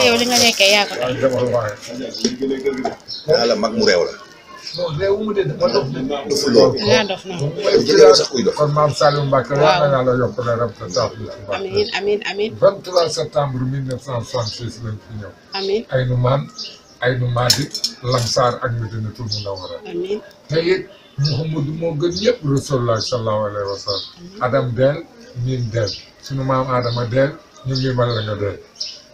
yow li nga nekkee yaa ko def yàlla mag mu réew la non réew mu de dafa dof de. doful lool danaa dof noonu. jege sax kuy dof kon maam Saliou Mbacke yàlla na la yokk la rab te taaf la ci barke. amiin amiin amiin. 23 septembre 1966 lañ fi ñëw. amiin ay nu maan ay nu maadi Lamsaar ak Medinatul Munawwara. amiin te it Mouhamadou moo gën ñëpp rasulullah sallallahu alayhi wa sallam. Adam del ñiin del sunu maam Adama del ñu ngi mën la nga del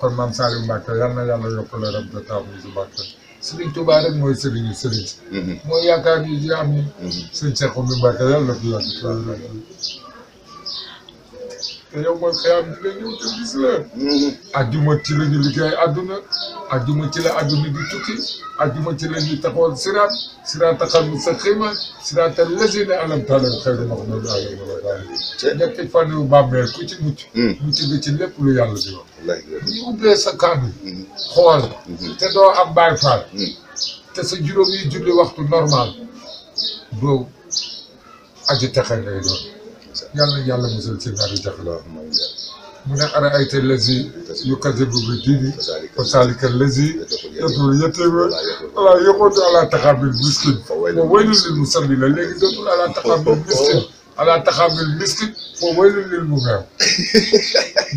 kon maam Saliou Mbacke yàlla na yàlla yokk la rab te taaf la ci barke. Serigne Touba rek mooy Serigne Serigne. Mhm. mooy yaakaar yi di am ni. Serigne Cheikh Oumy Mbacké yàlla na fi yàgg te yow mooy xëyaam dina ñëw te gis la mhm. ajjuma ci la ñu liggéey àdduna ajjuma ci la àdduna di tukki ajjuma ci la ñu taxawal siraat siraat taxal mu siraat al lazina alamta alayhim xayril maxduubi alayhim wa lad-daalliin ñetti fànn yu bàmmeel ku ci mucc mm. mucc nga lu yàlla di wax ñu ubbee sa kàddu mm. mm-hmm. te doo am baay faal mm. te sa juróom yi julli waxtu normal doo aji texe ngay doon yàlla yàlla musal ci naari jaxla mu ne ara ay te lazi yu kasibu bi diini wa salika lazi dootul yetteeku wala yokkootu ala taxaabil miskin wa waylun lil musalli la léegi dootul ala taxaabil miskin ala taxaabil miskin wa waylun lil mu meew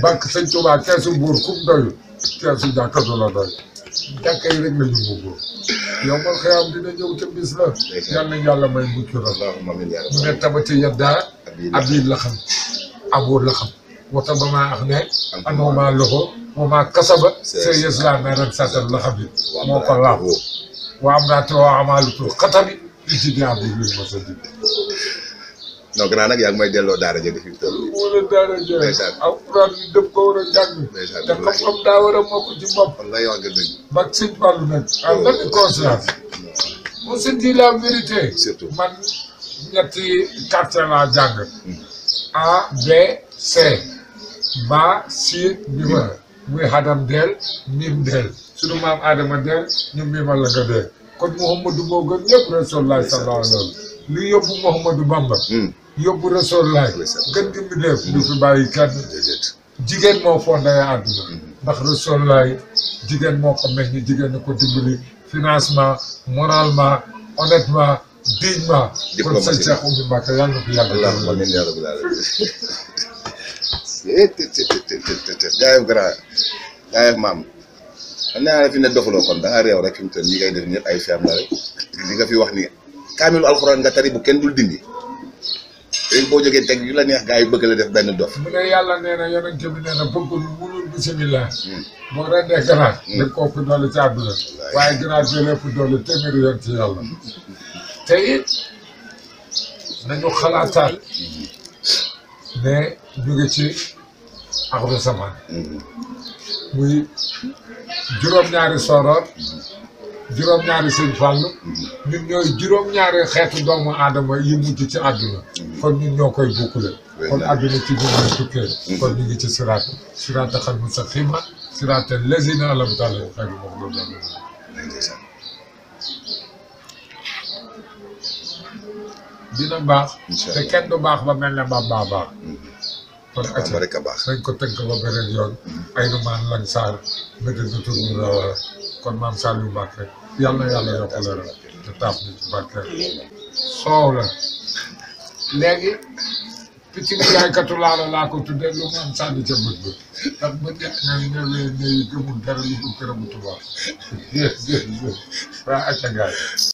banque sëñ Tuubaa keesu buur kum doyul keesu jàkka du la doy jàkka yi rek la ñu mu buur yow mal xëy am dina ñëw ca bis la. yal nañ yàlla may mucc la. mu ne tabati yadda abiid la xam abuur wata ba maa ax ne. loxo moo kasaba. sa yës laa ne ren satan la moo ko laal waa am naa te waa amaalutu xatabi li ci di am bi ma sa jib. non gannaaw may delloo daara jënd fi mu toll nii. wala daara jënd. alxuraan bi dëpp ko war a jàng. te xam-xam daa war a mokk ci bopp. wallaahi mag sëñ Fallou nag en bonne conscience on se dit la vérité. surtout man ñetti quartier laa jàng. A B C. Ba Siid Mima muy Hadam Deel Mim Deel sunu maam Adama Deel ñu mimal la nga Deel kon Mouhamadou moo gën ñëpp Rasulullah sallallahu alayhi wa yóbbu Mouhamadou Bamba. Hmm. yóbbu Rasulullah gën di mu def. fi hmm. bàyyi kenn jigéen moo foo ndaya àdduna hmm. ndax Rasulullah jigéen moo ko meññ jigéen ñu ko dimbali financement moralement honnêtement dignement. kon sëñ Cheikh Oumy Mbacké yàlla na fi yàlla. allahumma amiin yaa rabbal aalamiin. jaayam grand jaayam maam. xam naa la fi ne dofaloo kon da ngaa réew rek fi mu toll nii ngay def ñëpp ay feem la rek li nga fi wax ni kaamilu alxuraan nga tari bu kenn dul dindi. léegi boo jógee teg yu la neex gaa yi bëgg la def benn dof. mu ne yàlla nee na yonent bi nee na bëggul bisimilah. Hmm. boo rendee ganaar. da hmm. nga koo ëpp doole ci àdduna. waaye ganaar bi la ëpp doole téeméeri ci yàlla. te it nañu xalaataat ne ñu ngi ci axru samaan. Hmm. muy juróom-ñaari sooroor. juróom-ñaari sëñ Fall ñun ñooy juróom-ñaari xeetu doomu aadama yi mujj ci àdduna kon ñun ñoo koy bukkule kon àdduna ci biir lay tukkee kon ñu ci siraat siraat xal mu sa xima siraat lazina alam tala xëy na moom la baax te kenn du baax ba mel ne ba baa mm-hmm. baax kon ko tënk ba beneen yoon mm-hmm. ay nu maan lan saar médina tur mu la war kon maam Saliou Mbacké yàlla na yàlla yokk taaf ñu ci barkeel soow la léegi picc mi jaaykatu laalo laa ko tuddee lu mu am sànni ca bët ba ndax bët yaa ngi ne ne